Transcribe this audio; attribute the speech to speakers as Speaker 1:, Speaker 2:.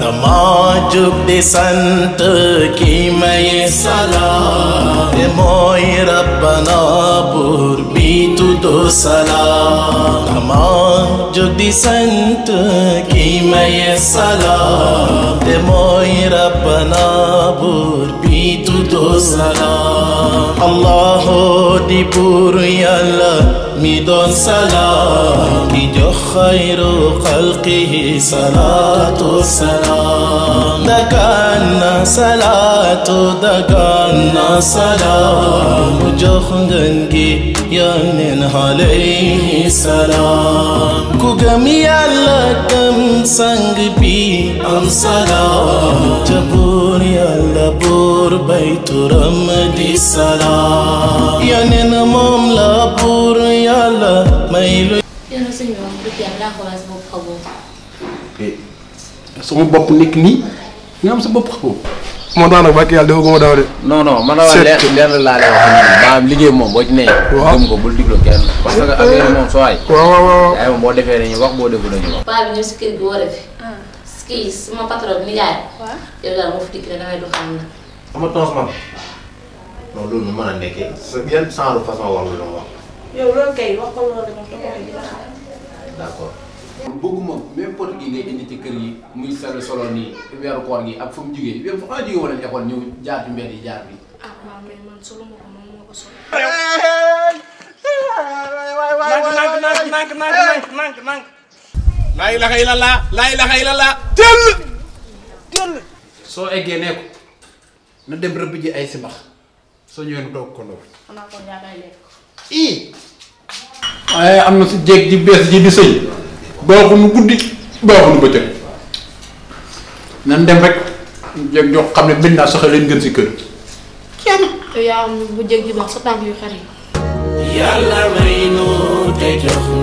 Speaker 1: dama jug di sant ki may salaam te mooy rabbana buur bi tuddu salaam dama rabbana buur bi tuddu salaam di buur yàlla mi doon salaam di jox xayru xalqihi salaatu salaam na salaatu dagan na salaam jox ngeen gi yoneen alayhi salaam ku gëm yàlla gëm sang bi am salaam ca buur yàlla buur bay turam di salaam yoneen moom la buur yàlla may lu sama bopp nekk nii nga am sa bopp moo tax nag barki yàlla defoo ko ma daw de. non non man damaa leer leer laa lay wax maanaam liggéey moom boo ci nee. waaw gëm ko bul kenn. parce que affaire moom soo waay. waaw waaw waaw. moom boo defee dañuy wax boo deful dañuy a fi. Ah. kii sama patron a nekkee sa yan sans façon wax nga doon wax. yow loolu kay wax ko loolu dama ko d'accord. kon bëgguma même pot gi ngay indi ci kër yi muy solo solo nii weeru koor gi ak fu mu jugee yëpp xanaa jugee wala école ñëw jaar ci mbedd yi jaar bi. ah waaw mais man solo ma ko moom moo ko solo. waay waay waay nank nank nank nank nank laa ilaha illallah laa ilaha illallah tëll tëll soo eggee ne ko na dem rëbb ji ay sibax soo ñëwee toog ko ndox xanaa kon yaa ngi lay lekk ii waaye am na si jéeg ji bees ji di sëy baaxuñu guddi baaxuñu bëccëg nan dem rek jéeg ñoo xam ne mën naa sax leen gën si kër. kenn. yow yaa am bu ji dox sa tànk yu xar yi.